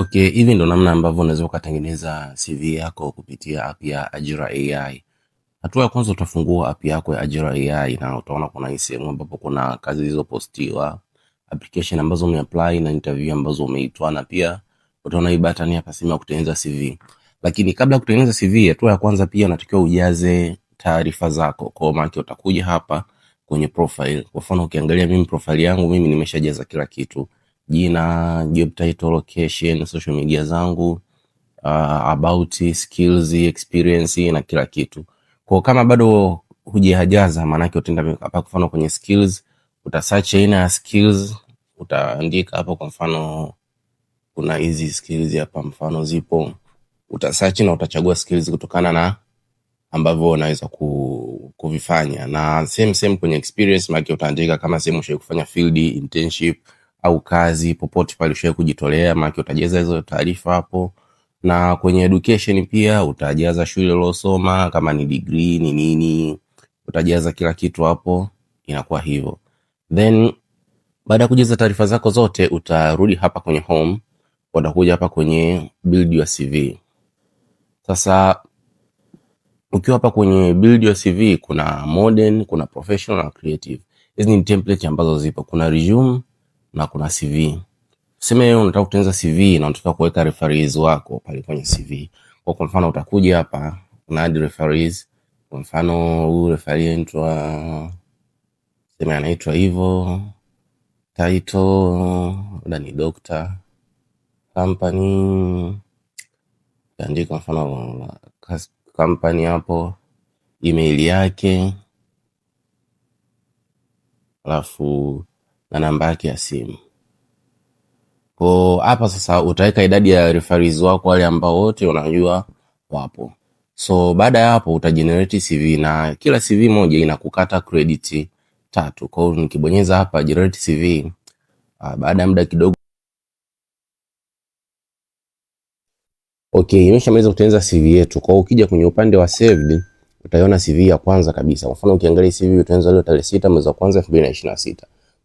Okay, hivi ndo namna ambavyo unaweza ukatengeneza CV yako kupitia app ya Ajira AI. Hatua ya kwanza utafungua app yako ya Ajira AI na utaona kuna hii sehemu ambapo kuna kazi zilizopostiwa, application ambazo umeapply na interview ambazo umeitwa na pia utaona hii button hapa sehemu kutengeneza CV. Lakini kabla ya kutengeneza CV, hatua ya kwanza pia unatakiwa ujaze taarifa zako. Kwa maana utakuja hapa kwenye profile. Kwa mfano ukiangalia mimi profile yangu mimi nimeshajaza kila kitu jina, job title, location, social media zangu, uh, about, skills, experience na kila kitu. Kwa kama bado hujajaza, yake utaenda hapa, kwa mfano kwenye skills uta search aina ya skills, utaandika hapo, kwa mfano kuna hizi skills hapa, mfano zipo, uta search na utachagua skills kutokana na ambavyo unaweza ku, kuvifanya na same same kwenye experience, maana utaandika kama sehemu ushawahi kufanya field internship au kazi popote pale ushawahi kujitolea, maana utajaza hizo taarifa hapo. Na kwenye education pia utajaza shule uliosoma, kama ni degree ni nini, utajaza kila kitu hapo, inakuwa hivyo. Then baada ya kujaza taarifa zako zote, utarudi hapa kwenye home, utakuja hapa kwenye build your CV. Sasa ukiwa hapa kwenye build your CV kuna modern, kuna professional na creative. Hizi ni template ambazo zipo, kuna resume na kuna CV. Tuseme unataka kutengeneza CV na unataka kuweka referees wako pale kwenye CV. Kwa kwa mfano utakuja hapa una add referees. Kwa mfano huyu referee anaitwa sema anaitwa hivyo. Title labda ni doctor. Company andika mfano company hapo, email yake alafu na namba yake ya simu. Kwa hapa sasa utaweka idadi ya referees wako wale ambao wote unajua wapo. So baada ya hapo utajenerate CV na kila CV moja inakukata credit tatu. Kwa hiyo nikibonyeza hapa generate CV, ah, baada ya muda kidogo Okay, imeshamaliza kutengeneza CV yetu. Kwa hiyo ukija kwenye upande wa saved utaiona CV ya kwanza kabisa. Kwa mfano ukiangalia CV utaanza leo tarehe 6 mwezi wa kwanza 2026.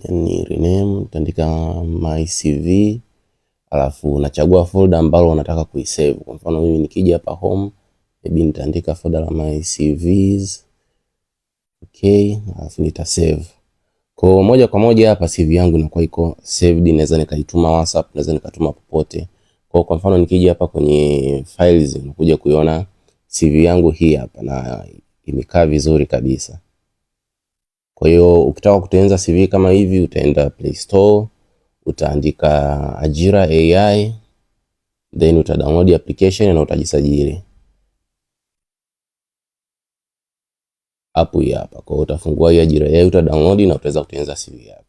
kwenye ni rename, utaandika my CV, alafu unachagua folder ambalo unataka kuisave. Kwa mfano mimi nikija hapa home, maybe nitaandika folder la my CVs. Okay, alafu nita save. Kwa moja kwa moja hapa CV yangu inakuwa iko saved, naweza nikaituma WhatsApp, naweza nikatuma popote. Kwa kwa mfano nikija hapa kwenye files, unakuja kuiona CV yangu hii hapa na imekaa vizuri kabisa. Kwa hiyo ukitaka kutengeneza CV kama hivi, utaenda Play Store, utaandika Ajira AI, then uta download application na utajisajili hapo hapa. Kwa hiyo utafungua hii Ajira AI, uta download na utaweza kutengeneza CV yako.